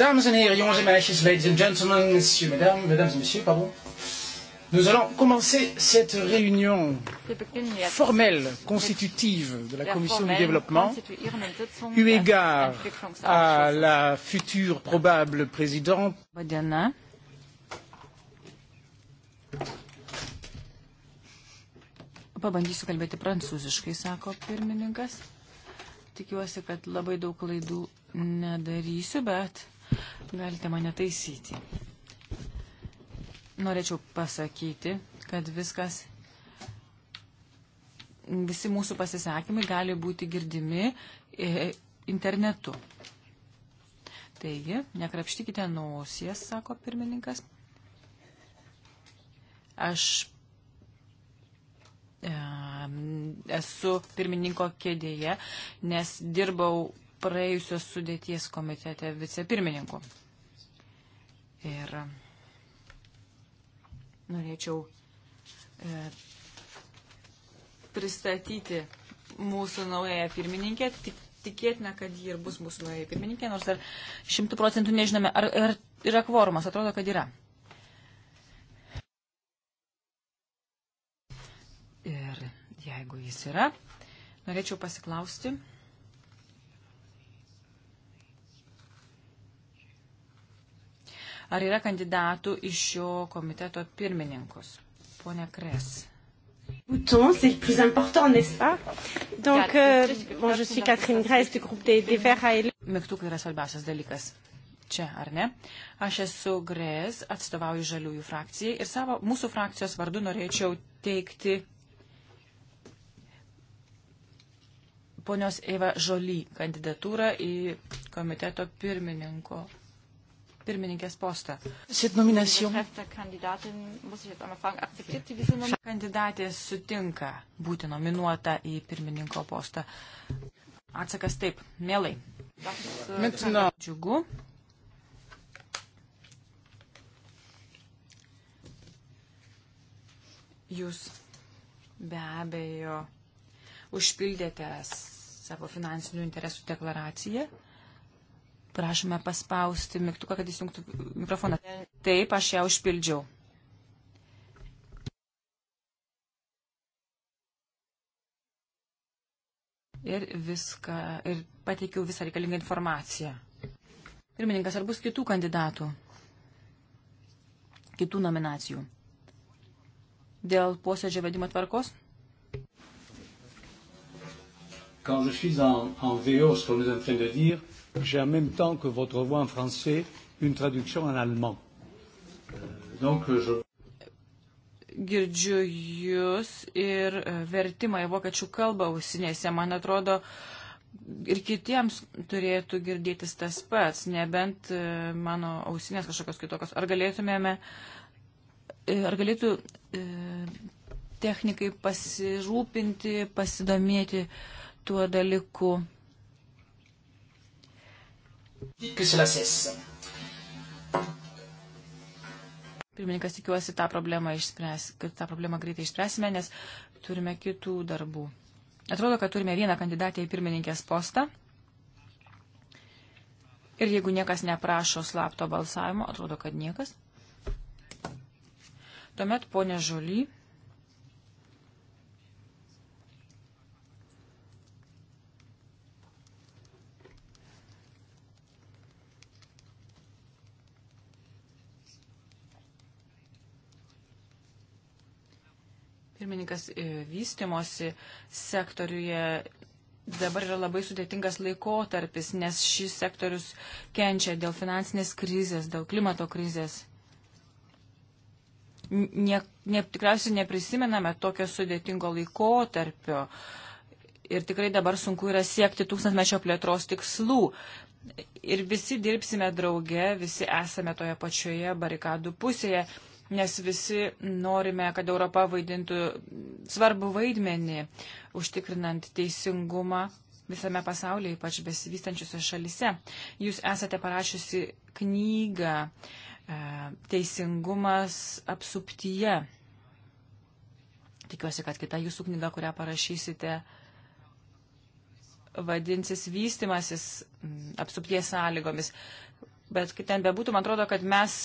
Dames en heren, jongens en meisjes, ladies and gentlemen, messieurs, mesdames, mesdames et messieurs, pardon. Nous allons commencer cette réunion formelle, constitutive de la Commission du développement, eu égard à la future probable présidente. Pabandysiu kalbėti prancūziškai, sako pirmininkas. Tikiuosi, kad labai daug klaidų nedarysiu, bet Galite mane taisyti. Norėčiau pasakyti, kad viskas, visi mūsų pasisakymai gali būti girdimi e, internetu. Taigi, nekrapštykite nosies, sako pirmininkas. Aš e, esu pirmininko kėdėje, nes dirbau praėjusios sudėties komitete vicepirmininku. Ir norėčiau e, pristatyti mūsų naująją pirmininkę. Tik, tikėtina, kad ji ir bus mūsų nauja pirmininkė, nors ar šimtų procentų nežinome, ar, ar yra kvorumas, atrodo, kad yra. Ir jeigu jis yra, norėčiau pasiklausti. Ar yra kandidatų iš šio komiteto pirmininkus? Pone Kres. Bouton, c'est le plus important, n'est-ce pas Donc, euh, bon, je suis Catherine Grèce du groupe des, des Verts AL. Mygtukai yra svarbiausias dalykas. Čia, ar ne? Aš esu Grės, atstovauju Žaliųjų frakcijai ir savo, mūsų frakcijos vardu norėčiau teikti ponios Eva Žoly kandidatūrą į komiteto pirmininko pirmininkės postą. Kandidatė sutinka būti nominuota į pirmininko postą. Atsakas taip, mielai. Džiugu. Jūs be abejo užpildėte savo finansinių interesų deklaraciją. Prašome paspausti mygtuką, kad įsijungtų mikrofoną. Taip, aš ją užpildžiau. Ir viską, ir pateikiau visą reikalingą informaciją. Pirmininkas, ar bus kitų kandidatų, kitų nominacijų? Dėl posėdžio vedimo tvarkos? Quand je suis en, en VO, ce qu'on est en train de dire, J'ai en même temps que votre voix en français une traduction en allemand. Donc, euh, je... Girdžiu jūs ir e, vertimą į vokiečių kalbą ausinėse. Man atrodo, ir kitiems turėtų girdėtis tas pats, nebent e, mano ausinės kažkokios kitokios. Ar galėtumėme, e, ar galėtų technikai pasirūpinti, pasidomėti tuo dalyku? Que cela cesse. Pirmininkas tikiuosi tą problemą išspręs, kad tą problemą greitai išspręsime, nes turime kitų darbų. Atrodo, kad turime vieną kandidatę į pirmininkės postą. Ir jeigu niekas neprašo slapto balsavimo, atrodo, kad niekas. Tuomet ponė Žoly pirmininkas, e, vystimosi sektoriuje dabar yra labai sudėtingas laikotarpis, nes šis sektorius kenčia dėl finansinės krizės, dėl klimato krizės. Ne, ne, tikriausiai neprisimename tokio sudėtingo laikotarpio ir tikrai dabar sunku yra siekti tūkstantmečio plėtros tikslų. Ir visi dirbsime drauge, visi esame toje pačioje barikadų pusėje nes visi norime, kad Europa vaidintų svarbu vaidmenį, užtikrinant teisingumą visame pasaulyje, ypač besivystančiuose šalise. Jūs esate parašiusi knygą e, Teisingumas apsuptyje. Tikiuosi, kad kita jūsų knyga, kurią parašysite, vadinsis vystimasis apsupties sąlygomis. Bet kaip ten bebūtų, man atrodo, kad mes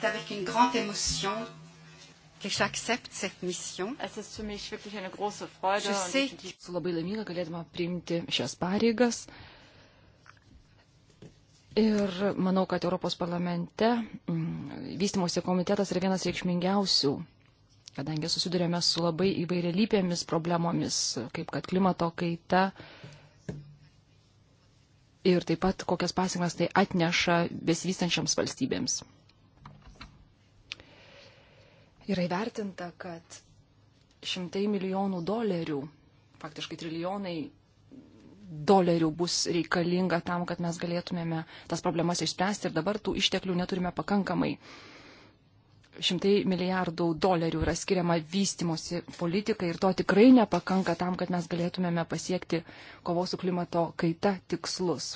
c'est avec une grande émotion que j'accepte cette mission. Je sais, esu labai laiminga galėdama priimti šias pareigas. Ir manau, kad Europos parlamente mm, vystimosi komitetas yra vienas reikšmingiausių, kadangi susidurėme su labai įvairialypėmis problemomis, kaip kad klimato kaita ir taip pat kokias pasiekmes tai atneša besivystančiams valstybėms. Yra įvertinta, kad šimtai milijonų dolerių, faktiškai trilijonai dolerių bus reikalinga tam, kad mes galėtumėme tas problemas išspręsti ir dabar tų išteklių neturime pakankamai. Šimtai milijardų dolerių yra skiriama vystimosi politikai ir to tikrai nepakanka tam, kad mes galėtumėme pasiekti kovos su klimato kaita tikslus.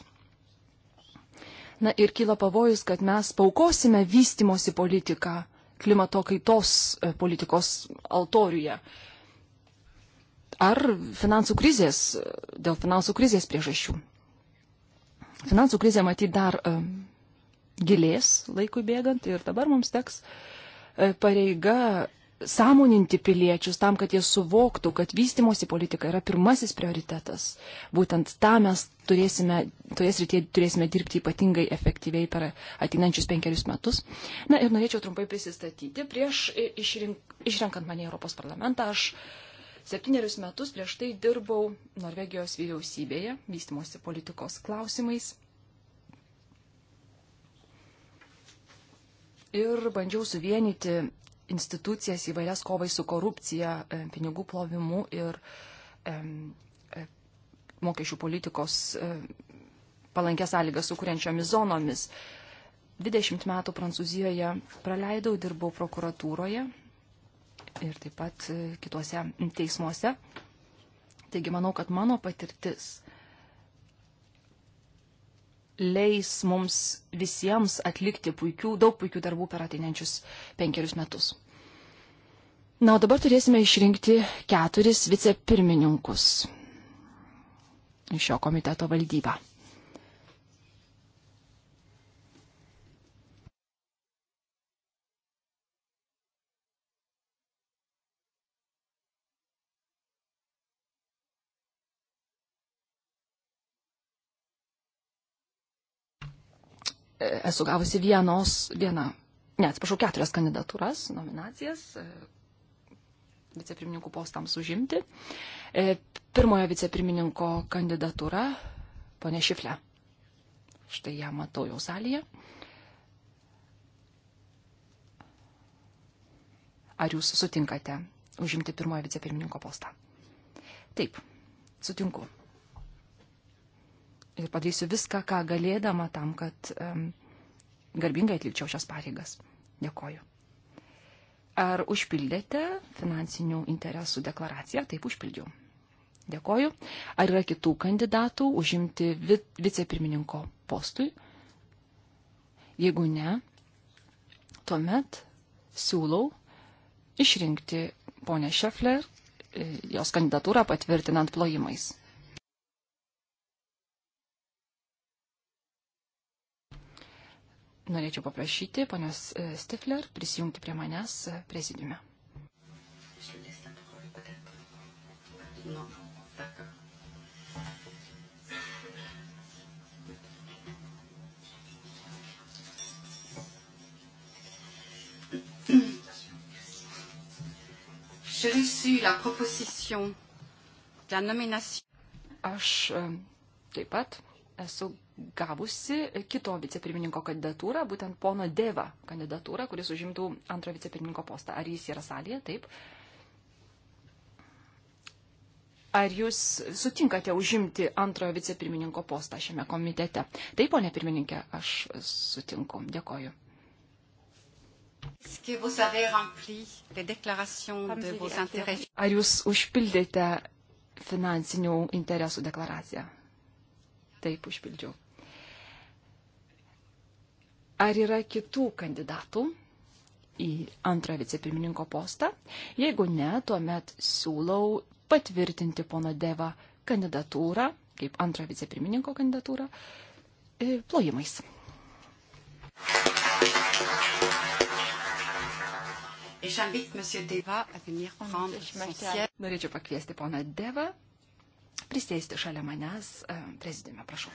Na ir kyla pavojus, kad mes paukosime vystimosi politiką klimato kaitos e, politikos altoriuje. Ar finansų krizės, e, dėl finansų krizės priežasčių. Finansų krizė matyti dar e, gilės laikui bėgant ir dabar mums teks pareiga sąmoninti piliečius tam, kad jie suvoktų, kad vystimosi politika yra pirmasis prioritetas. Būtent tą mes turėsime, toje srityje turėsime dirbti ypatingai efektyviai per ateinančius penkerius metus. Na ir norėčiau trumpai prisistatyti. Prieš išrink, išrenkant mane į Europos parlamentą, aš septynerius metus prieš tai dirbau Norvegijos vyriausybėje vystimosi politikos klausimais. ir bandžiau suvienyti institucijas įvairias kovai su korupcija, e, pinigų plovimu ir e, e, mokesčių politikos palankės sąlygas sukūrenčiomis zonomis. 20 metų Prancūzijoje praleidau, dirbau prokuratūroje ir taip pat kituose teismuose. Taigi manau, kad mano patirtis leis mums visiems atlikti puikių, daug puikių darbų per ateinančius penkerius metus. Na, o dabar turėsime išrinkti keturis vicepirmininkus iš šio komiteto valdybą. E, esu gavusi vienos, vieną, ne, atsiprašau, keturias kandidatūras, nominacijas e, vicepirmininkų postams užimti. E, pirmojo vicepirmininko kandidatūra, ponė Šiflė. Štai ją matau jau salėje. Ar jūs sutinkate užimti pirmojo vicepirmininko postą? Taip, sutinku ir padarysiu viską, ką galėdama tam, kad um, garbingai atlikčiau šias pareigas. Dėkoju. Ar užpildėte finansinių interesų deklaraciją? Taip užpildžiau. Dėkoju. Ar yra kitų kandidatų užimti vicepirmininko postui? Jeigu ne, tuomet siūlau išrinkti ponę Šefler e, jos kandidatūrą patvirtinant plojimais. norėčiau paprašyti ponios e, Stifler prisijungti prie manęs e, prezidiume. No, d'accord. J'ai reçu la proposition de la nomination. Aš e, taip pat esu gavusi kito vicepirmininko kandidatūrą, būtent pono Deva kandidatūrą, kuris užimtų antro vicepirmininko postą. Ar jis yra salėje? Taip. Ar jūs sutinkate užimti antrojo vicepirmininko postą šiame komitete? Taip, ponė pirmininkė, aš sutinku. Dėkoju. Ar jūs užpildėte finansinių interesų deklaraciją? Taip, užpildžiau ar yra kitų kandidatų į antrą vicepirmininko postą. Jeigu ne, tuomet siūlau patvirtinti pono Deva kandidatūrą, kaip antrą vicepirmininko kandidatūrą, e, plojimais. Norėčiau pakviesti poną Devą prisėsti šalia manęs. E, Prezidime, prašau.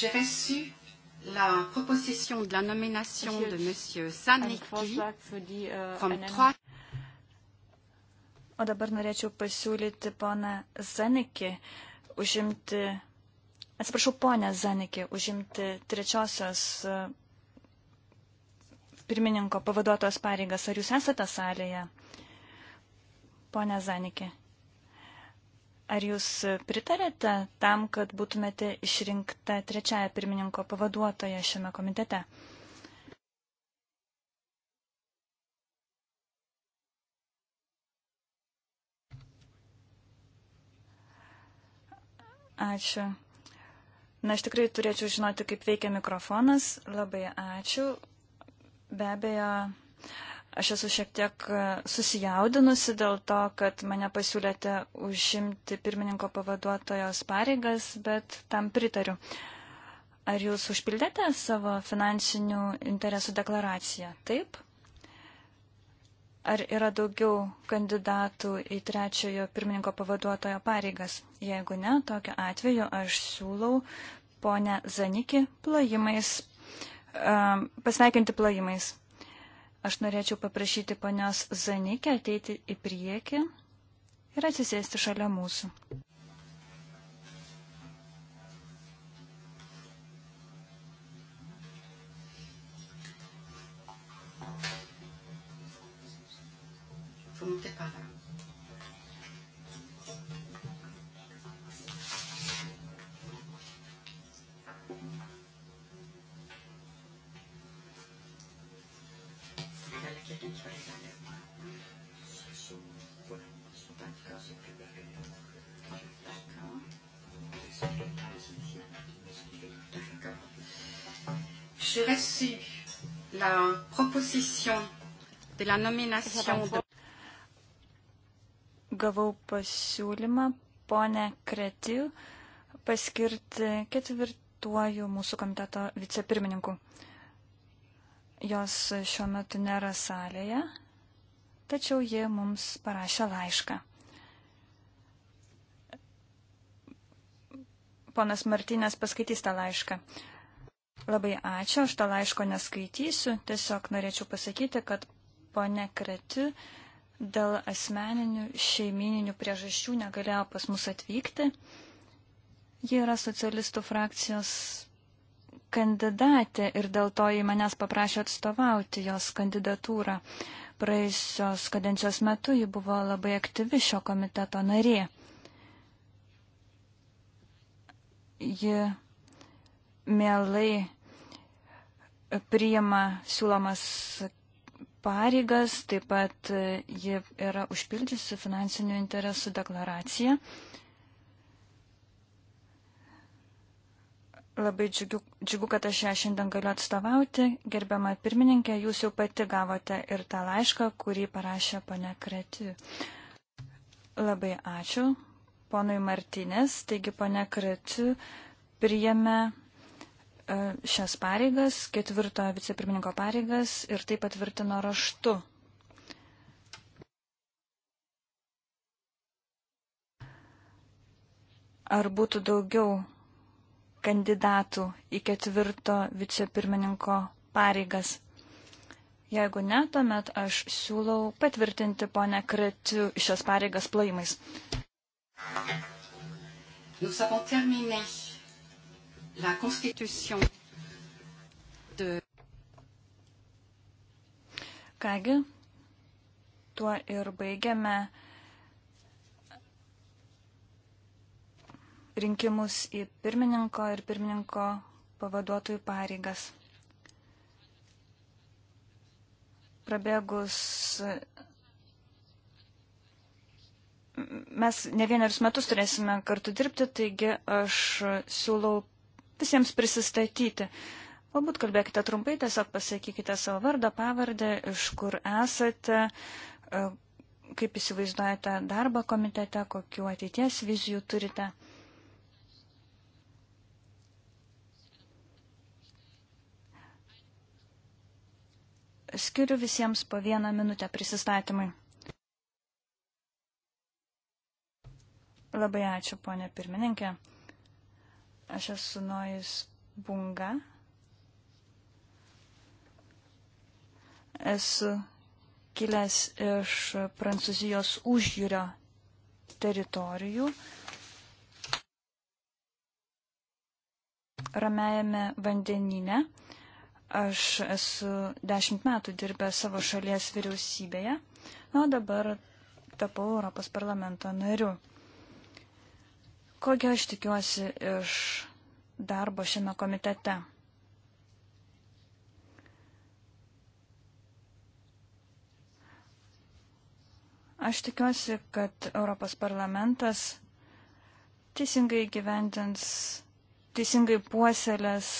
J'ai reçu la proposition de la nomination de M. Saniki euh, comme trois. O dabar norėčiau pasiūlyti poną Zanikį užimti, atsiprašau, ponę Zanikį užimti trečiosios e, pirmininko pavaduotos pareigas. Ar jūs esate salėje, ponė Zanikė? Ar jūs pritarėte tam, kad būtumėte išrinkta trečiaja pirmininko pavaduotoja šiame komitete? Ačiū. Na, aš tikrai turėčiau žinoti, kaip veikia mikrofonas. Labai ačiū. Be abejo, Aš esu šiek tiek e, susijaudinusi dėl to, kad mane pasiūlėte užimti pirmininko pavaduotojos pareigas, bet tam pritariu. Ar jūs užpildėte savo finansinių interesų deklaraciją? Taip? Ar yra daugiau kandidatų į trečiojo pirmininko pavaduotojo pareigas? Jeigu ne, tokiu atveju aš siūlau ponę Zanikį plojimais, e, pasveikinti plojimais. Aš norėčiau paprašyti ponios Zanikė ateiti į priekį ir atsisėsti šalia mūsų. Fumte para. J'ai reçu la proposition de la nomination de... Gavau pasiūlymą ponę Kretil paskirti ketvirtuoju mūsų komiteto vicepirmininku. Jos šiuo metu nėra salėje, tačiau ji mums parašė laišką. Ponas Martinės paskaitys tą laišką. Labai ačiū, aš tą laiško neskaitysiu, tiesiog norėčiau pasakyti, kad ponė Kreti dėl asmeninių šeimininių priežasčių negalėjo pas mus atvykti. Ji yra socialistų frakcijos kandidatė ir dėl to į manęs paprašė atstovauti jos kandidatūrą. Praėjusios kadencijos metu ji buvo labai aktyvi šio komiteto narė. Ji mielai priima siūlomas pareigas, taip pat ji yra užpildžiusi finansinių interesų deklaraciją. Uh, Labai džiugu, džiugu, kad aš ją šiandien galiu atstovauti. Gerbiama pirmininkė, jūs jau pati gavote ir tą laišką, kurį parašė pane Kreti. Labai ačiū ponui Martinės. Taigi pane Kreti priėmė e, šias pareigas, ketvirtojo vicepirmininko pareigas ir tai patvirtino raštu. Ar būtų daugiau kandidatų į ketvirto vicepirmininko pareigas. Jeigu ne, tuomet aš siūlau patvirtinti ponę Kretiu šias pareigas plojimais. Kągi, tuo ir baigiame rinkimus į pirmininko ir pirmininko pavaduotojų pareigas. Prabėgus mes ne vienerius metus turėsime kartu dirbti, taigi aš siūlau visiems prisistatyti. Galbūt kalbėkite trumpai, tiesiog pasakykite savo vardą, pavardę, iš kur esate, kaip įsivaizduojate darbą komitete, kokiu ateities vizijų turite. skiriu visiems po vieną minutę prisistatymai. Labai ačiū, ponė pirmininkė. Aš esu Nojus Bunga. Esu kilęs iš Prancūzijos užjūrio teritorijų. Ramėjame vandenyne. Aš esu dešimt metų dirbęs savo šalies vyriausybėje, o dabar tapau Europos parlamento nariu. Kokio aš tikiuosi iš darbo šiame komitete? Aš tikiuosi, kad Europos parlamentas teisingai gyventins, teisingai puoselės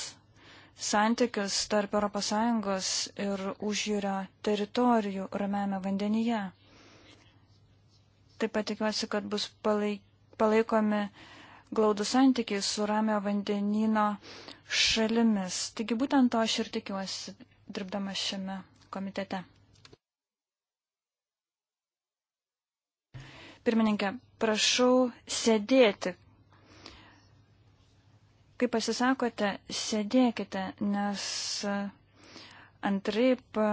santykius tarp ES ir užjūrio teritorijų ramiame vandenyje. Taip pat tikiuosi, kad bus palaikomi glaudų santykiai su ramio vandenino šalimis. Taigi būtent to aš ir tikiuosi, dirbdama šiame komitete. Pirmininkė, prašau sėdėti, Kai pasisakote, sėdėkite, nes e, antraip e,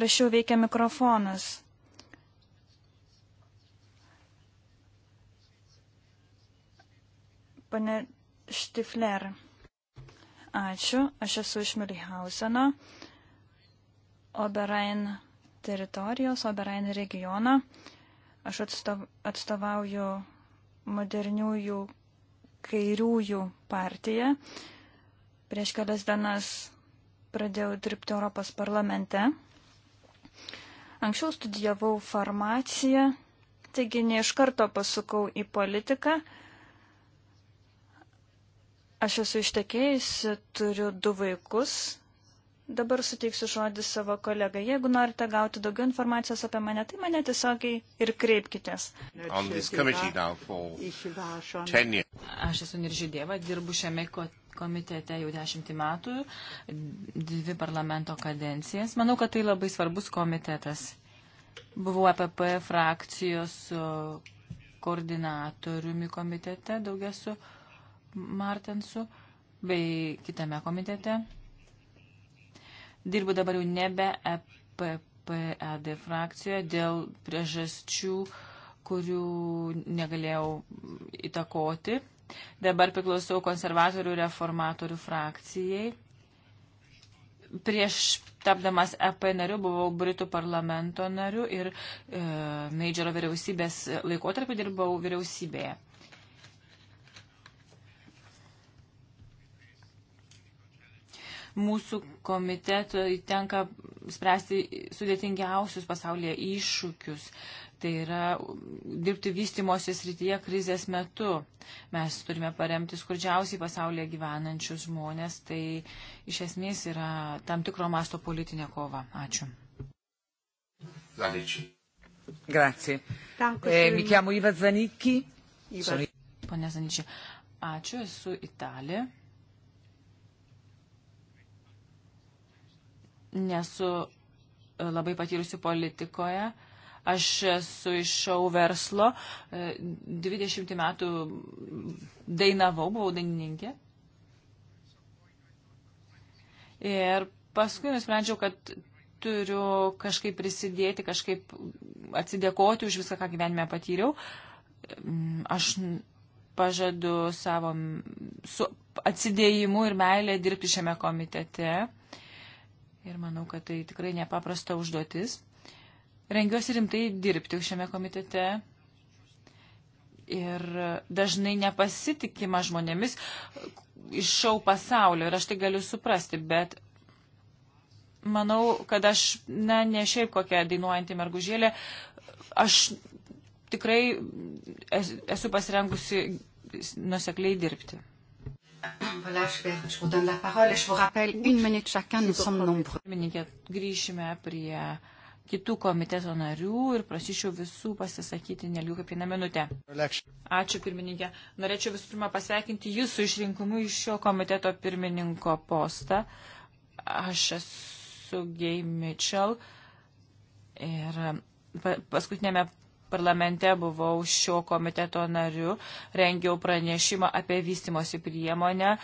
prašiau veikia mikrofonas. Pane Štifler. Ačiū, aš esu iš Milhauseno, Oberain teritorijos, Oberain regiono. Aš atstovauju moderniųjų kairiųjų partija. Prieš kelias dienas pradėjau dirbti Europos parlamente. Anksčiau studijavau farmaciją, taigi ne iš karto pasukau į politiką. Aš esu ištekėjusi, turiu du vaikus, Dabar suteiksiu žodį savo kolegai. Jeigu norite gauti daugiau informacijos apie mane, tai mane tiesiogiai ir kreipkitės. Aš esu Niržydėva, dirbu šiame komitete jau dešimtį metų, dvi parlamento kadencijas. Manau, kad tai labai svarbus komitetas. Buvau APP e frakcijos koordinatoriumi komitete, daugia su Martensu, bei kitame komitete Dirbu dabar jau nebe EPPAD e frakcijoje dėl priežasčių, kurių negalėjau įtakoti. Dabar priklausau konservatorių reformatorių frakcijai. Prieš tapdamas EP nariu buvau Britų parlamento nariu ir e, Meidžero vyriausybės laikotarpį dirbau vyriausybėje. mūsų komiteto tenka spręsti sudėtingiausius pasaulyje iššūkius. Tai yra dirbti vystimosi srityje krizės metu. Mes turime paremti skurdžiausiai pasaulyje gyvenančius žmonės. Tai iš esmės yra tam tikro masto politinė kova. Ačiū. Laličiai. Grazie. Eh, mi chiamo Iva Zanicchi. Iva. Sono... Pone Zanicchi, ačiū, esu Italija. nesu e, labai patyrusi politikoje. Aš esu iš šau verslo, 20 e, metų dainavau, buvau dainininkė. Ir paskui nusprendžiau, kad turiu kažkaip prisidėti, kažkaip atsidėkoti už viską, ką gyvenime patyriau. Mm, aš pažadu savo su atsidėjimu ir meilė dirbti šiame komitete ir manau, kad tai tikrai nepaprasta užduotis. Rengiuosi rimtai dirbti šiame komitete ir dažnai nepasitikima žmonėmis iš šau pasaulio ir aš tai galiu suprasti, bet manau, kad aš, na, ne šiaip kokia dainuojanti mergužėlė, aš tikrai esu pasirengusi nusekliai dirbti. Voilà, je, vais, je vous donne la parole et je vous rappelle une minute chacun, nous sommes nombreux. Pirmininkė, grįšime prie kitų komiteto narių ir prašyčiau visų pasisakyti neliau kaip vieną minutę. Ačiū pirmininkė. Norėčiau visų pirma pasveikinti jūsų išrinkimu iš šio komiteto pirmininko postą. Aš esu Gay Mitchell ir paskutinėme parlamente buvau šio komiteto nariu, rengiau pranešimą apie vystimosi priemonę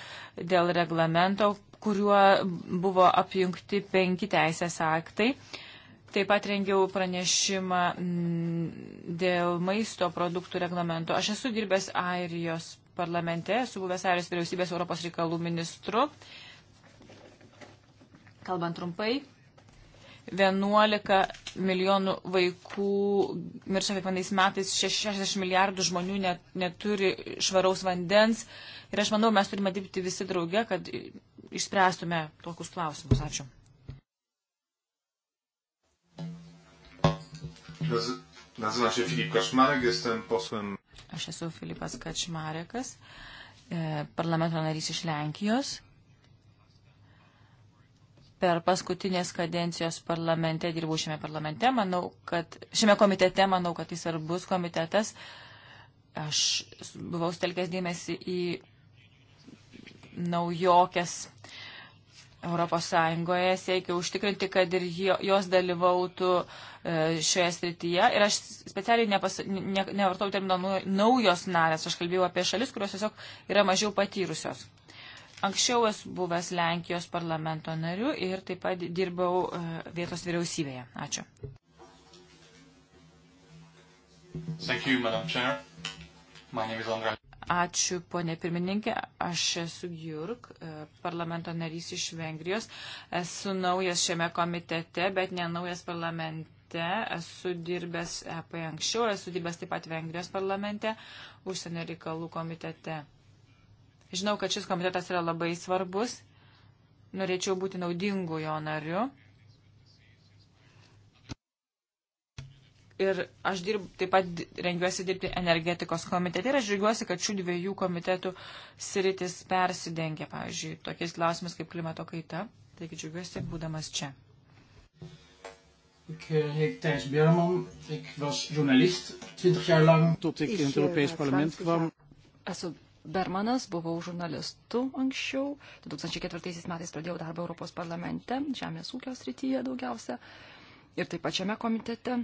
dėl reglamento, kuriuo buvo apjungti penki teisės aktai. Taip pat rengiau pranešimą mm, dėl maisto produktų reglamento. Aš esu dirbęs Airijos parlamente, esu buvęs Airijos vyriausybės Europos reikalų ministru. Kalbant trumpai, 11 milijonų vaikų miršta kiekvienais metais, 60 milijardų žmonių net, neturi švaraus vandens. Ir aš manau, mes turime dirbti visi drauge, kad išspręstume tokius klausimus. Ačiū. Nazywam się Filip Kaczmarek, jestem posłem. Aš esu Filipas Kaczmarekas, e, parlamento narys iš Lenkijos per paskutinės kadencijos parlamente, dirbau šiame parlamente, manau, kad šiame komitete, manau, kad jis svarbus komitetas. Aš buvau stelkęs dėmesį į naujokės Europos Sąjungoje, siekiau užtikrinti, kad ir jos dalyvautų e, šioje srityje. Ir aš specialiai nepas, ne, nevartau termino naujos narės, aš kalbėjau apie šalis, kurios tiesiog yra mažiau patyrusios. Anksčiau esu buvęs Lenkijos parlamento nariu ir taip pat dirbau e, vietos vyriausybėje. Ačiū. You, Ačiū, ponė pirmininkė. Aš esu Jurk, e, parlamento narys iš Vengrijos. Esu naujas šiame komitete, bet ne naujas parlamente parlamente, esu dirbęs EP anksčiau, esu dirbęs taip pat Vengrijos parlamente, užsienio reikalų komitete. Žinau, kad šis komitetas yra labai svarbus. Norėčiau būti naudingu jo nariu. Ir aš dirb, taip pat rengiuosi dirbti energetikos komitete ir aš žiūriuosi, kad šių dviejų komitetų sritis persidengia, pavyzdžiui, tokiais klausimais kaip klimato kaita. Taigi džiugiuosi, būdamas čia. Ik uh, heet Thijs Berman. Ik was journalist 20 jaar lang tot ik in het eh, Europees parlement kwam. Alltså, Bermanas, buvau žurnalistu anksčiau, 2004 metais pradėjau darbą Europos parlamente, žemės ūkio srityje daugiausia, ir taip pačiame komitete.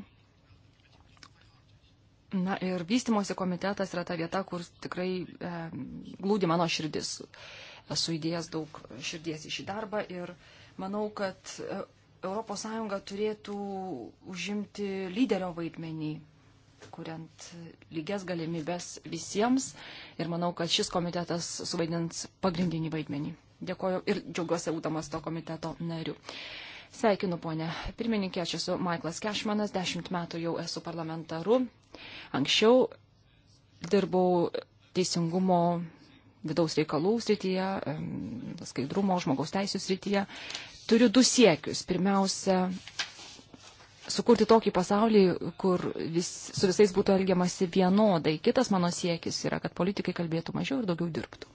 Na ir vystimosi komitetas yra ta vieta, kur tikrai e, glūdi mano širdis. Esu įdėjęs daug širdies į šį darbą ir manau, kad ES turėtų užimti lyderio vaidmenį kuriant lygias galimybės visiems. Ir manau, kad šis komitetas suvaidins pagrindinį vaidmenį. Dėkoju ir džiaugiuosi būdamas to komiteto nariu. Sveikinu, ponė. Pirmininkė, aš esu Michaelas Kešmanas, dešimt metų jau esu parlamentaru. Anksčiau dirbau teisingumo vidaus reikalų srityje, skaidrumo, žmogaus teisų srityje. Turiu du siekius. Pirmiausia, sukurti tokį pasaulį, kur vis, su visais būtų elgiamasi vienodai. Kitas mano siekis yra, kad politikai kalbėtų mažiau ir daugiau dirbtų.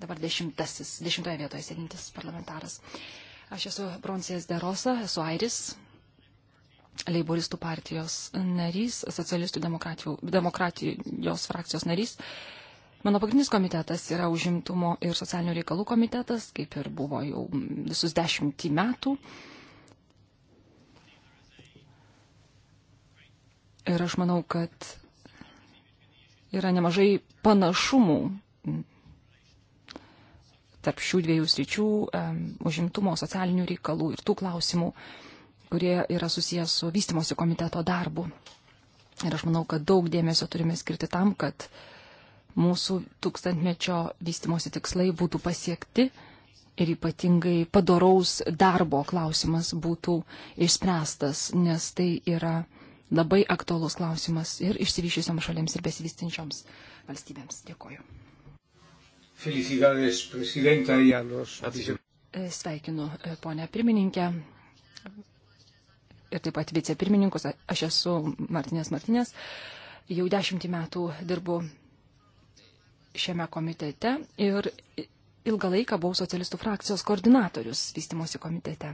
Dabar dešimtasis, dešimtoje vietoje sėdintis parlamentaras. Aš esu Broncijas Derosa, esu Airis, Leiboristų partijos narys, socialistų demokratijos frakcijos narys. Mano pagrindinis komitetas yra užimtumo ir socialinių reikalų komitetas, kaip ir buvo jau visus dešimtį metų. Ir aš manau, kad yra nemažai panašumų tarp šių dviejų sričių - užimtumo, socialinių reikalų ir tų klausimų, kurie yra susijęs su vystimosi komiteto darbu. Ir aš manau, kad daug dėmesio turime skirti tam, kad uh, mūsų tūkstantmečio vystimosi tikslai būtų pasiekti ir ypatingai padoraus darbo klausimas būtų išspręstas, nes tai yra labai aktuolus klausimas ir išsivyšiusiams šalims ir besivystinčioms valstybėms. Dėkoju. Felicidades, prezidenta, Janos. E, sveikinu, e, ponė pirmininkė. Ir taip pat vicepirmininkus, aš esu Martinės Martinės. Jau dešimtį metų dirbu šiame komitete ir ilgą laiką buvau socialistų frakcijos koordinatorius vystimosi komitete.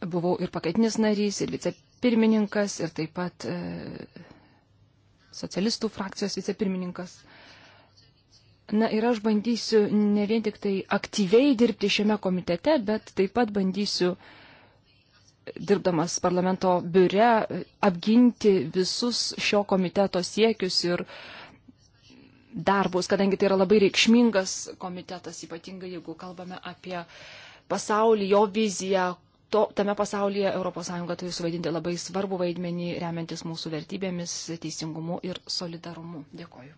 Buvau ir pakaitinis narys, ir vicepirmininkas, ir taip pat e, socialistų frakcijos vicepirmininkas. Na ir aš bandysiu ne vien tik tai aktyviai dirbti šiame komitete, bet taip pat bandysiu, dirbdamas parlamento biure, apginti visus šio komiteto siekius ir uh, darbus, kadangi tai yra labai reikšmingas komitetas, ypatingai jeigu kalbame apie pasaulį, jo viziją, to, tame pasaulyje ES turi suvaidinti labai svarbu vaidmenį, remiantis mūsų vertybėmis, teisingumu ir solidarumu. Dėkoju.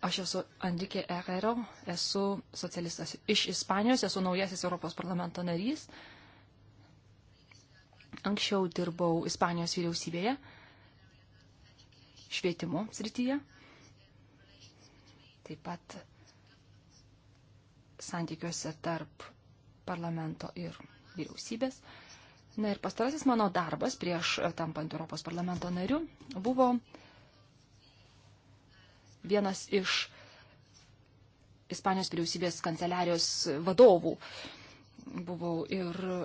Aš esu Andrikė Herrero, esu socialistas iš Ispanijos, esu naujasis Europos parlamento narys. Anksčiau dirbau Ispanijos vyriausybėje švietimo srityje. Taip pat santykiuose tarp parlamento ir vyriausybės. Na ir pastarasis mano darbas prieš tampant Europos parlamento nariu buvo vienas iš Ispanijos vyriausybės kanceliarijos vadovų buvau ir e,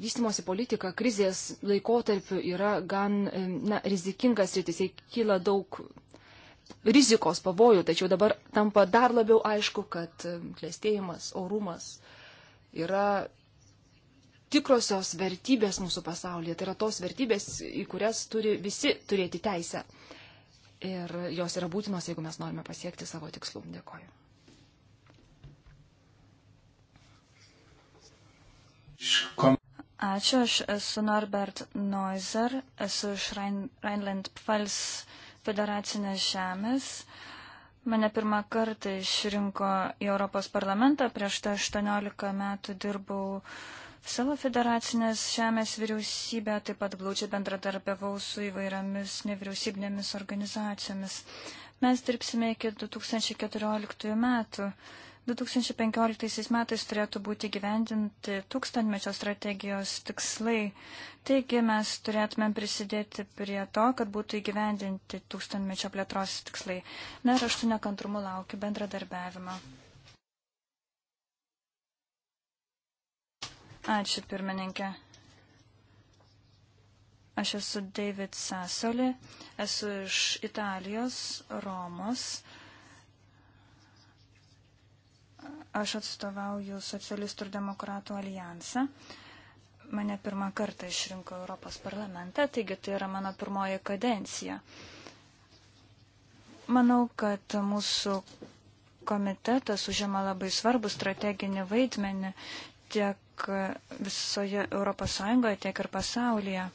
vystimosi politika krizės laikotarpiu yra gan e, na, rizikingas rytis, jai kyla daug rizikos pavojų, tačiau dabar tampa dar labiau aišku, kad e, klėstėjimas, orumas yra tikrosios vertybės mūsų pasaulyje, tai yra tos vertybės, į kurias turi visi turėti teisę. Ir jos yra būtinos, jeigu mes norime pasiekti savo tikslų. Dėkoju. Ačiū, aš esu Norbert Noizer, esu iš Rheinland-Pfalz federacinės žemės. Mane pirmą kartą išrinko į Europos parlamentą, prieš tai 18 metų dirbau savo federacinės žemės vyriausybę, taip pat glaučiai bendradarbiavau su įvairiamis nevyriausybinėmis organizacijomis. Mes dirbsime iki 2014 metų. 2015 metais turėtų būti gyvendinti tūkstantmečio strategijos tikslai. Taigi mes turėtume prisidėti prie to, kad būtų įgyvendinti tūkstantmečio plėtros tikslai. Na ir aš su nekantrumu laukiu bendradarbiavimo. Ačiū pirmininkė. Aš esu David Sasoli, esu iš Italijos, Romos Aš atstovauju socialistų ir demokratų alijansą. Mane pirmą kartą išrinko Europos parlamente, taigi tai yra mano pirmoji kadencija. Manau, kad mūsų komitetas užima labai svarbų strateginį vaidmenį tiek visoje ES, tiek ir pasaulyje.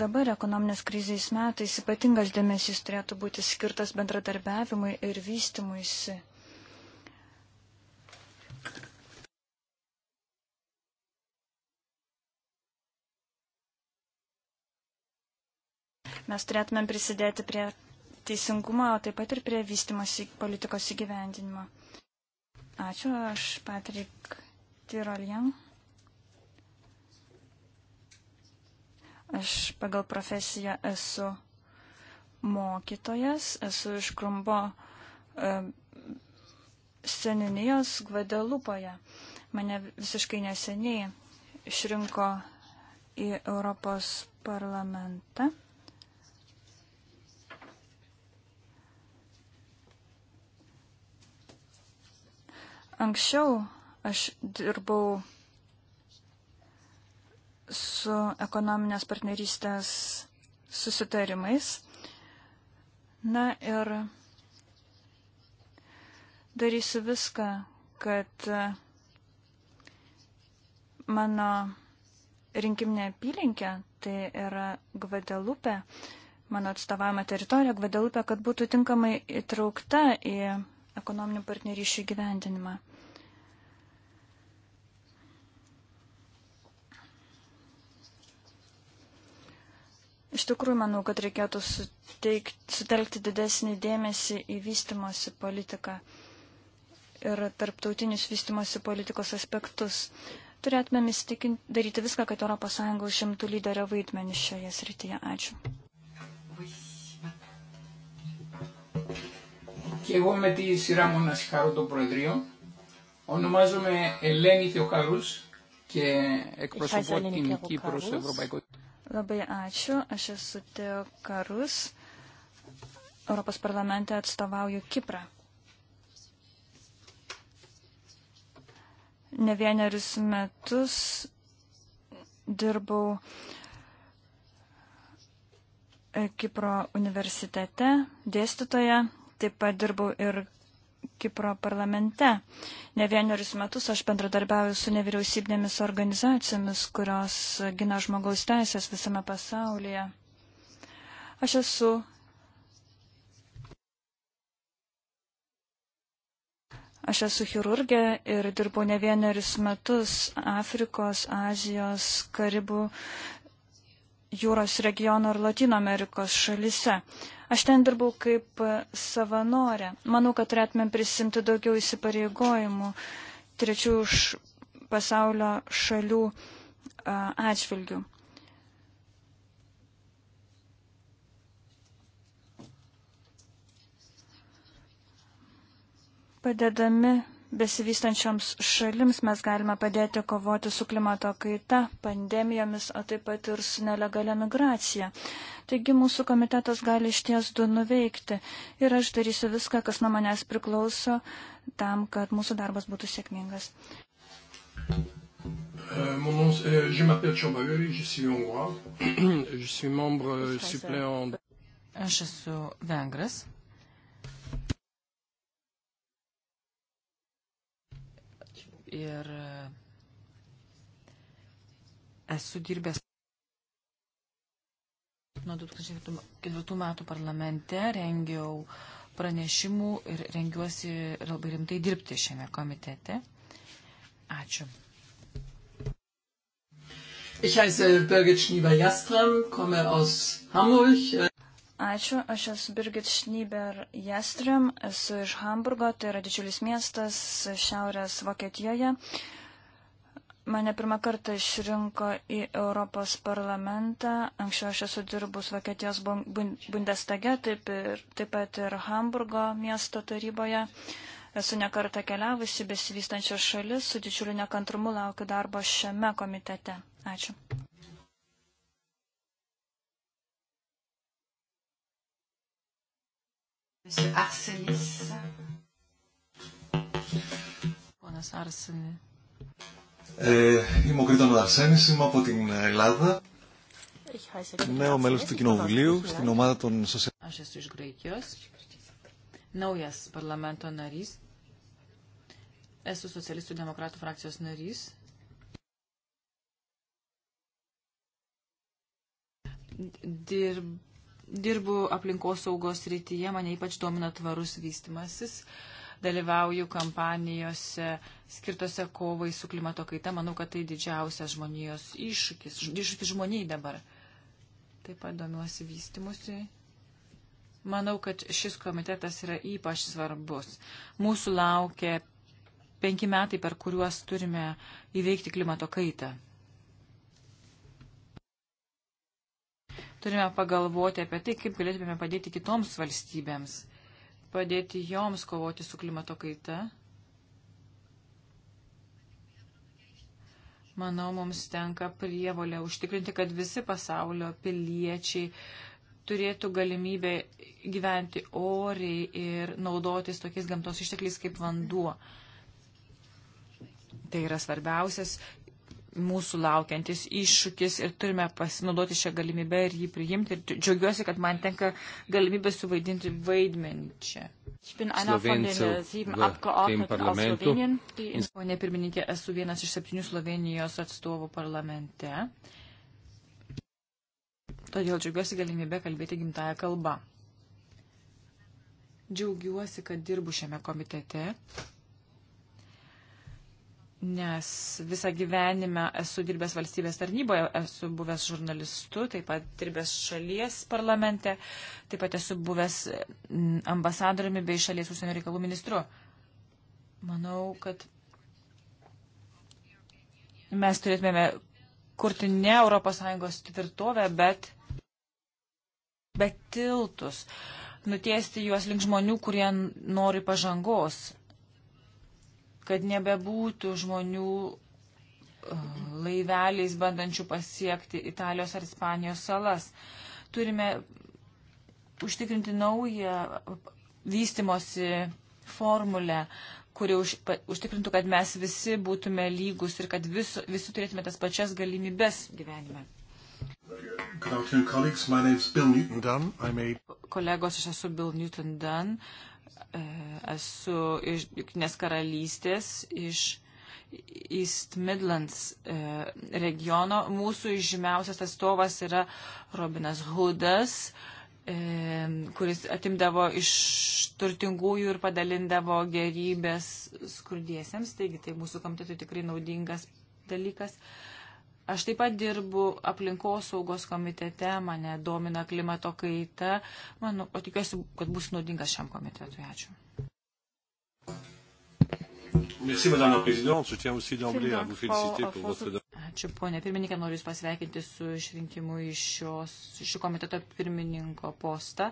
Dabar ekonominės krizės metais ypatingas dėmesys turėtų būti skirtas bendradarbiavimui ir vystimuisi. Mes turėtumėm prisidėti prie teisingumo, o taip pat ir prie vystimosi politikos įgyvendinimo. Ačiū, aš Patrik Tirolien. Aš pagal profesiją esu mokytojas, esu iš Krumbo e, seninijos Gvadelupoje. Mane visiškai neseniai išrinko į Europos parlamentą. Anksčiau aš dirbau su ekonominės partnerystės susitarimais. Na ir darysiu viską, kad mano rinkiminė apylinkė, tai yra Gvadelupė, mano atstovavimo teritorija Gvadelupė, kad būtų tinkamai įtraukta į ekonominių partnerysčių gyvendinimą. Iš tikrųjų, manau, kad reikėtų suteikti, sutelkti didesnį dėmesį į vystimosi politiką ir tarptautinius vystimosi politikos aspektus. Turėtumėm įsitikinti, daryti viską, kad ES užimtų lyderio vaidmenį šioje srityje. Ačiū. Και εγώ με τη σειρά μου να συγχαρώ τον Προεδρείο. Ονομάζομαι Ελένη Θεοχαρούς και εκπροσωπώ την Κύπρο στο Ευρωπαϊκό Labai ačiū. Aš esu Teo Karus. Europos parlamente atstovauju Kiprą. Ne vienerius metus dirbau Kipro universitete dėstytoje, taip pat dirbau ir Kipro parlamente. Ne vienerius metus aš bendradarbiauju su nevyriausybinėmis organizacijomis, kurios gina žmogaus teisės visame pasaulyje. Aš esu Aš esu chirurgė ir dirbau ne vienerius metus Afrikos, Azijos, Karibų jūros regiono ir Latino Amerikos šalise. Aš ten dirbau kaip savanorė. Manau, kad turėtume prisimti daugiau įsipareigojimų trečių už pasaulio šalių atžvilgių. Padedami besivystančioms šalims mes galime padėti kovoti su klimato kaita, pandemijomis, o taip pat ir su nelegalia migracija. Taigi mūsų komitetas gali iš ties du nuveikti ir aš darysiu viską, kas nuo manęs priklauso, tam, kad mūsų darbas būtų sėkmingas. Euh, mon nom, euh, je m'appelle Chambaveri, je suis hongrois, je suis membre euh, suppléant. Aš esu vengras, ir esu dirbęs nuo 2004 metų parlamente, rengiau pranešimų ir rengiuosi labai rimtai dirbti šiame komitete. Ačiū. Ich heiße Birgit Schnieber-Jastram, komme aus Hamburg. Ačiū, aš esu Birgit Schnieber Jastrem, esu iš Hamburgo, tai yra didžiulis miestas šiaurės Vokietijoje. Mane pirmą kartą išrinko į Europos parlamentą, anksčiau aš esu dirbus Vokietijos Bundestage, taip, ir, taip pat ir Hamburgo miesto taryboje. Esu nekartą keliavusi besivystančios šalis, su didžiuliu nekantrumu laukiu darbo šiame komitete. Ačiū. Monsieur Arsenis. Ponas Arsenis. Ε, είμαι ο Κρήτον Αρσένης, είμαι από την Ελλάδα. Νέο μέλος του Κοινοβουλίου στην ομάδα των Σοσιαλιστών. Aš esu iš Graikijos, naujas parlamento narys, esu socialistų demokratų frakcijos narys. Dirb, Dirbu aplinkos saugos rytyje, mane ypač domina tvarus vystimasis. Dalyvauju kampanijose skirtose kovai su klimato kaita. Manau, kad tai didžiausias žmonijos iššūkis, iššūkis žmoniai dabar. Taip pat domiuosi vystimusi Manau, kad šis komitetas yra ypač svarbus. Mūsų laukia penki metai, per kuriuos turime įveikti klimato kaitą. Turime pagalvoti apie tai, kaip galėtume padėti kitoms valstybėms, padėti joms kovoti su klimato kaita. Manau, mums tenka prievolė užtikrinti, kad visi pasaulio piliečiai turėtų galimybę gyventi oriai ir naudotis tokiais gamtos ištekliais kaip vanduo. Tai yra svarbiausias mūsų laukiantis iššūkis ir turime pasinaudoti šią galimybę ir jį priimti. Ir džiaugiuosi, kad man tenka galimybė suvaidinti vaidmenį čia. Äh, Pone pirmininkė, esu vienas iš septynių Slovenijos atstovų parlamente. Todėl džiaugiuosi galimybę kalbėti gimtają kalbą. Džiaugiuosi, kad dirbu šiame komitete nes visą gyvenimą esu dirbęs valstybės tarnyboje, esu buvęs žurnalistu, taip pat dirbęs šalies parlamente, taip pat esu buvęs mm, ambasadoriumi bei šalies užsienio reikalų ministru. Manau, kad mes turėtumėme kurti ne ES tvirtovę, bet, bet tiltus, nutiesti juos link žmonių, kurie nori pažangos kad nebebūtų žmonių e, laiveliais bandančių pasiekti Italijos ar Ispanijos salas. Turime užtikrinti naują vystimosi formulę, kuri už, pa, užtikrintų, kad mes visi būtume lygus ir kad vis, visi turėtume tas pačias galimybes gyvenime. Done, made... Kolegos, aš esu Bill Newton Dunn, E, esu iš Junktinės karalystės, iš East Midlands e, regiono. Mūsų žymiausias atstovas yra Robinas Hudas, e, kuris atimdavo iš turtingųjų ir padalindavo gerybės skurdiesiems, taigi tai mūsų komitetui tikrai naudingas dalykas. Uh, Aš taip pat dirbu aplinkosaugos komitete, mane domina klimato kaita, manu, o tikiuosi, kad bus naudingas šiam komitetui. Ačiū. Merci, Madame la Présidente. Je tiens aussi d'emblée à vous féliciter pour euh, votre. Ačiū, ponė pirmininkė, noriu Jūs pasveikinti su išrinkimu iš šio komiteto pirmininko postą.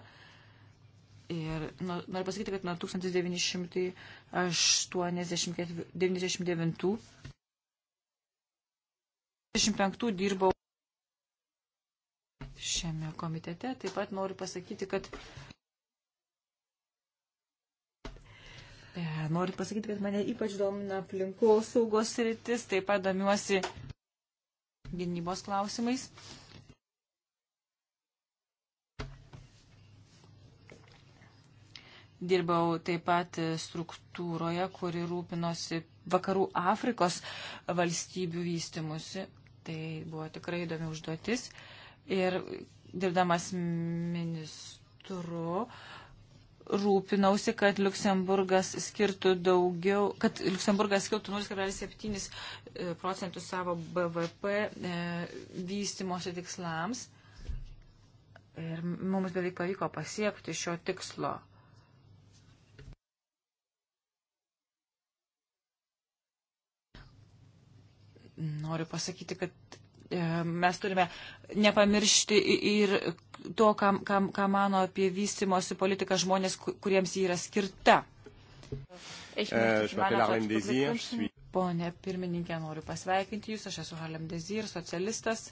Ir nu, noriu pasakyti, kad nuo 1999 25 dirbau šiame komitete. Taip pat noriu pasakyti, kad e, Noriu pasakyti, kad mane ypač domina aplinkos saugos rytis, taip pat domiuosi gynybos klausimais. Dirbau taip pat struktūroje, kuri rūpinosi vakarų Afrikos valstybių vystimusi Tai buvo tikrai įdomi užduotis. Ir dirbdamas ministru rūpinausi, kad Luksemburgas skirtų daugiau, kad Luksemburgas skirtų 0,7 e, procentų savo BVP e, vystimosi tikslams. Ir mums beveik pavyko pasiekti šio tikslo. noriu pasakyti, kad e, mes turime nepamiršti ir to, ką, ką, ką mano apie vystimosi politiką žmonės, kuriems jį yra skirta. E, Pone pirmininkė, noriu pasveikinti Jūs. Aš esu Harlem Desir, socialistas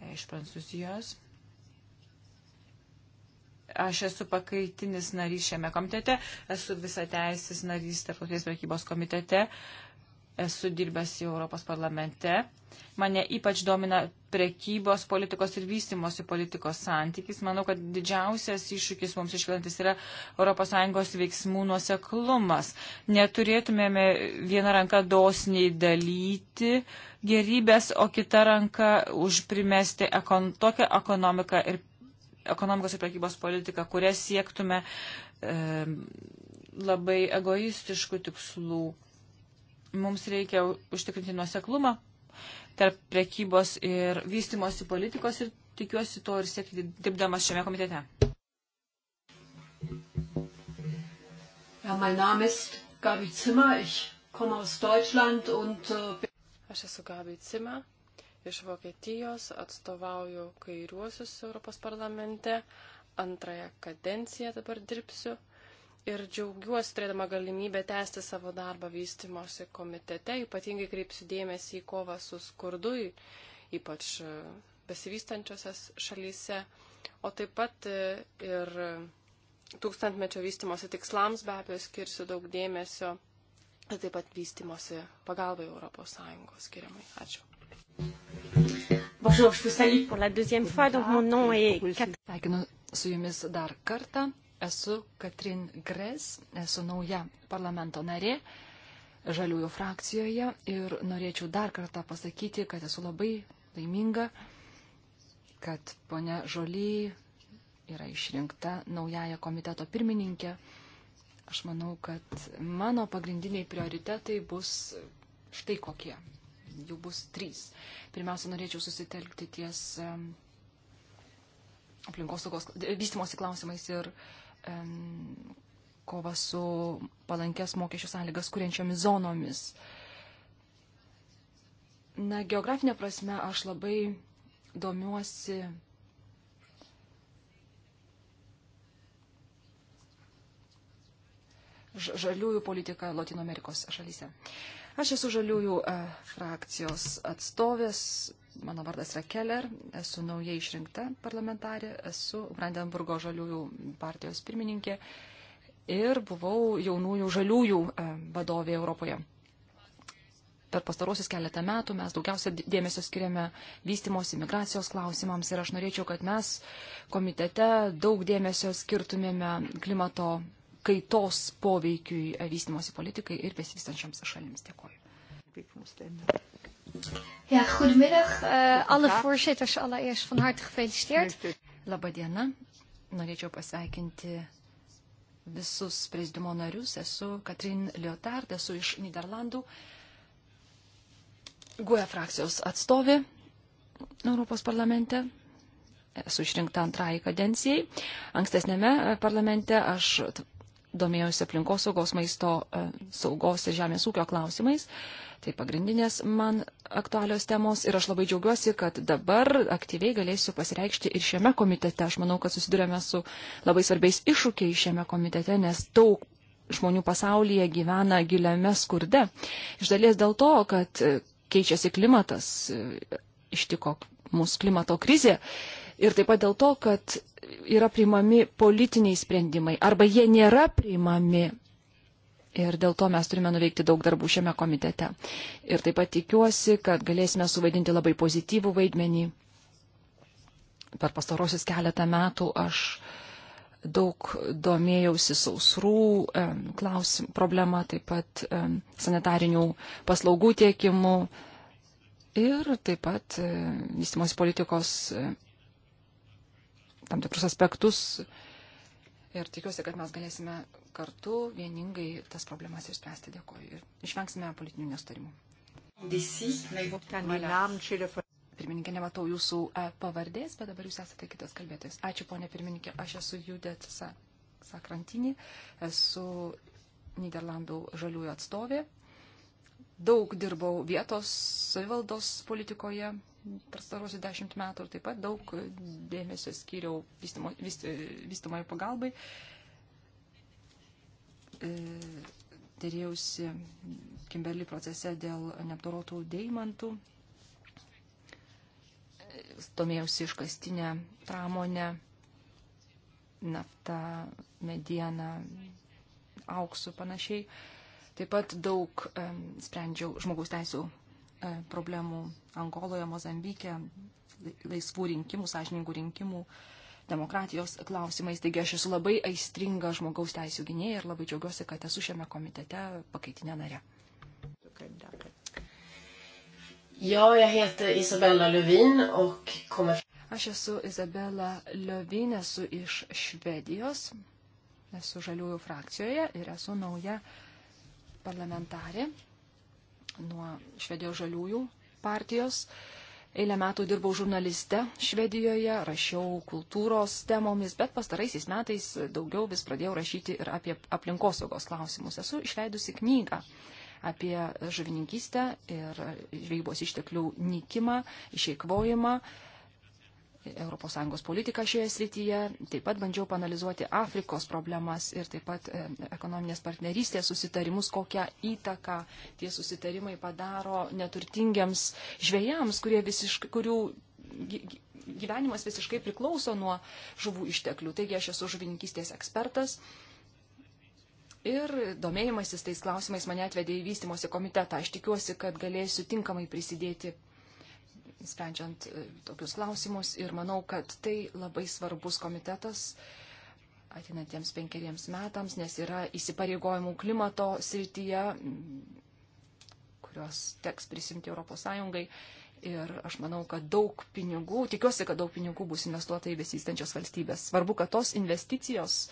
e, iš Prancūzijos. Aš esu pakaitinis narys šiame komitete, esu visateisis narys Tarptautinės prekybos komitete. Uh, esu dirbęs jau Europos parlamente. Mane ypač domina prekybos politikos ir vystimosi politikos santykis. Manau, kad didžiausias iššūkis mums iškilantis yra ES veiksmų nuoseklumas. Neturėtumėme vieną ranką dosniai dalyti gerybės, o kitą ranką užprimesti ekon, tokią ekonomiką ir ekonomikos ir prekybos politiką, kurią siektume e, labai egoistiškų tikslų Mums reikia užtikrinti nuoseklumą tarp prekybos ir vystimosi politikos ir tikiuosi to ir siekti dirbdamas šiame komitete. Ja, mein Name ist Gabi Zimmer, ich komme aus Deutschland und... Äh, Aš esu Gabi Zimmer, iš Vokietijos atstovauju kairiuosius Europos parlamente, antrąją kadenciją dabar dirbsiu ir džiaugiuosi turėdama galimybę tęsti savo darbą vystimosi komitete, ypatingai kreipsiu dėmesį į kovą su skurdu, ypač e, besivystančiose šalyse, o taip pat e, ir tūkstantmečio vystimosi tikslams be abejo skirsiu daug dėmesio, taip pat vystimosi pagalbai Europos Sąjungos skiriamai. Ačiū. Bonjour, je vous salue pour la deuxième fois, donc mon nom est Sveikinu su jumis dar kartą. Esu Katrin Gres, esu nauja parlamento narė žaliųjų frakcijoje ir norėčiau dar kartą pasakyti, kad esu labai laiminga, kad ponia Žoly yra išrinkta naująją komiteto pirmininkę. Aš manau, kad mano pagrindiniai prioritetai bus štai kokie. Jų bus trys. Pirmiausia, norėčiau susitelkti ties aplinkosaugos vystimosi klausimais ir uh, kova su palankės mokesčių sąlygas kuriančiomis zonomis. Na, geografinė prasme aš labai domiuosi žaliųjų politika Latino Amerikos šalyse. Uh, Aš esu žaliųjų e, frakcijos atstovės, mano vardas yra Keller, esu naujai išrinkta parlamentarė, esu Brandenburgo žaliųjų partijos pirmininkė ir buvau jaunųjų žaliųjų e, vadovė Europoje. Per pastarosius keletą metų mes daugiausia dėmesio skiriame vystimos imigracijos klausimams ir aš norėčiau, kad mes komitete daug dėmesio skirtumėme klimato kaitos poveikiui e, vystimosi politikai ir besivystančiams šalims. Dėkoju. Ja, goedemiddag. Uh, alle voorzitters allereerst van harte gefeliciteerd. Labadiena. Norėčiau pasveikinti visus prezidimo narius. Esu Katrin Liotard, esu iš Niderlandų. GUE frakcijos atstovė Europos parlamente esu išrinkta antrajai kadencijai. Ankstesnėme eh, parlamente aš domėjausi aplinkosaugos, maisto e, saugos ir žemės ūkio klausimais. Tai pagrindinės man aktualios temos ir aš labai džiaugiuosi, kad dabar aktyviai galėsiu pasireikšti ir šiame komitete. Aš manau, kad susidurėme su labai svarbiais iššūkiais šiame komitete, nes daug žmonių pasaulyje gyvena giliame skurde. Iš dalies dėl to, kad keičiasi klimatas, ištiko mūsų klimato krizė ir taip pat dėl to, kad yra priimami politiniai sprendimai arba jie nėra priimami. Ir dėl to mes turime nuveikti daug darbų šiame komitete. Ir taip pat tikiuosi, kad galėsime suvaidinti labai pozityvų vaidmenį. Per pastarosius keletą metų aš daug domėjausi sausrų klausim, problema, taip pat sanitarinių paslaugų tiekimu ir taip pat vystimos politikos tam tikrus aspektus ir tikiuosi, kad mes galėsime kartu vieningai tas problemas išspręsti. Dėkoju ir išvengsime politinių nestarimų. Pirmininkė, nematau jūsų e, pavardės, bet dabar jūs esate kitas kalbėtojas. Ačiū, ponė pirmininkė, aš esu Judet Sakrantinį, esu Niderlandų žaliųjų atstovė daug dirbau vietos savivaldos politikoje pastarosius dešimt metų ir taip pat daug dėmesio skyriau vystamai pagalbai. E, dėrėjausi Kimberly procese dėl neapdorotų deimantų. Tomėjausi iškastinę pramonę, naftą, medieną, auksų panašiai. Taip pat daug sprendžiau žmogaus teisų e, problemų Angoloje, Mozambike, laisvų rinkimų, sąžiningų rinkimų, demokratijos klausimais. Taigi aš esu labai aistringa žmogaus teisų gynėja ir labai džiaugiuosi, kad esu šiame komitete pakaitinė nare. Ja, jag heter Isabella Lövin och kommer... Aš esu Izabela Lövin, esu iš Švedijos, esu žaliųjų frakcijoje ir esu nauja uh, parlamentarė nuo Švedijos žaliųjų partijos. Eilę metų dirbau žurnaliste Švedijoje, rašiau kultūros temomis, bet pastaraisiais metais daugiau vis pradėjau rašyti ir apie aplinkosaugos klausimus. Esu išleidusi knygą apie žuvininkystę ir žvejybos išteklių nykimą, išeikvojimą. Uh, ES politiką šioje srityje, taip pat bandžiau panalizuoti Afrikos problemas ir taip pat e, ekonominės partnerystės susitarimus, kokią įtaką tie susitarimai padaro neturtingiams žvėjams, visiškai, kurių gyvenimas visiškai priklauso nuo žuvų išteklių. Taigi aš esu žuvininkystės ekspertas. Ir domėjimasis tais klausimais mane atvedė į vystimosi komitetą. Aš tikiuosi, kad galėsiu tinkamai prisidėti sprendžiant e, tokius klausimus ir manau, kad tai labai svarbus komitetas atinantiems penkeriems metams, nes yra įsipareigojimų klimato srityje, kuriuos teks prisimti ES. Ir aš manau, kad daug pinigų, tikiuosi, kad daug pinigų bus investuota į besistenčias valstybės. Svarbu, kad tos investicijos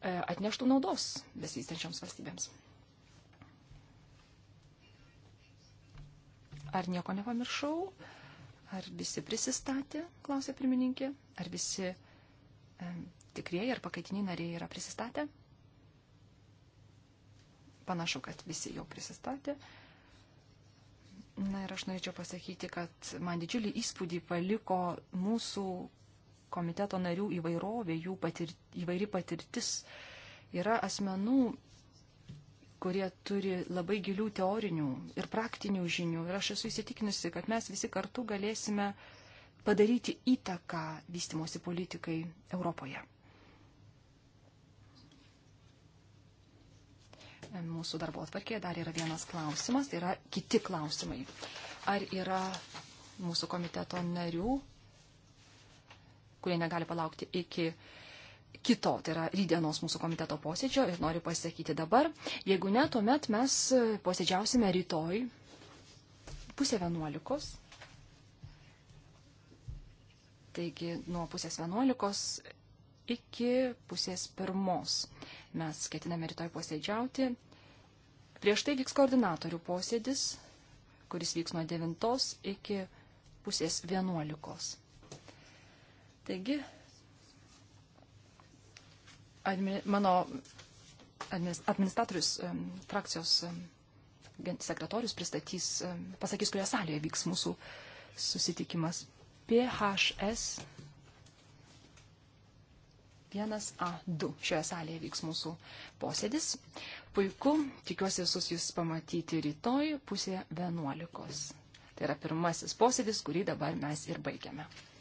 e, atneštų naudos besistenčiams valstybėms. Ar nieko nepamiršau? Ar visi prisistatė, klausė pirmininkė. Ar visi e, tikrieji ar pakaitiniai nariai yra prisistatę? Panašu, kad visi jau prisistatė. Na ir aš norėčiau pasakyti, kad man didžiulį įspūdį paliko mūsų komiteto narių įvairovė, jų patir, įvairi patirtis. Yra asmenų kurie turi labai gilių teorinių ir praktinių žinių. Ir aš esu įsitikinusi, kad mes visi kartu galėsime padaryti įtaką vystimosi politikai Europoje. Mūsų darbo atvarkėje dar yra vienas klausimas, tai yra kiti klausimai. Ar yra mūsų komiteto narių, kurie negali palaukti iki uh, kito, tai yra rydienos mūsų komiteto posėdžio ir noriu pasakyti dabar. Jeigu ne, tuomet mes posėdžiausime rytoj pusė vienuolikos. Taigi nuo pusės vienuolikos iki pusės pirmos mes ketiname rytoj posėdžiauti. Prieš tai vyks koordinatorių posėdis, kuris vyks nuo 9 iki pusės 11. Taigi admi, mano administratorius frakcijos sekretorius pristatys, pasakys, kurioje salėje vyks mūsų susitikimas. PHS 1A2. Šioje salėje vyks mūsų posėdis. Puiku, tikiuosi visus jūs pamatyti rytoj pusė 11. Tai yra pirmasis posėdis, kurį dabar mes ir baigiame.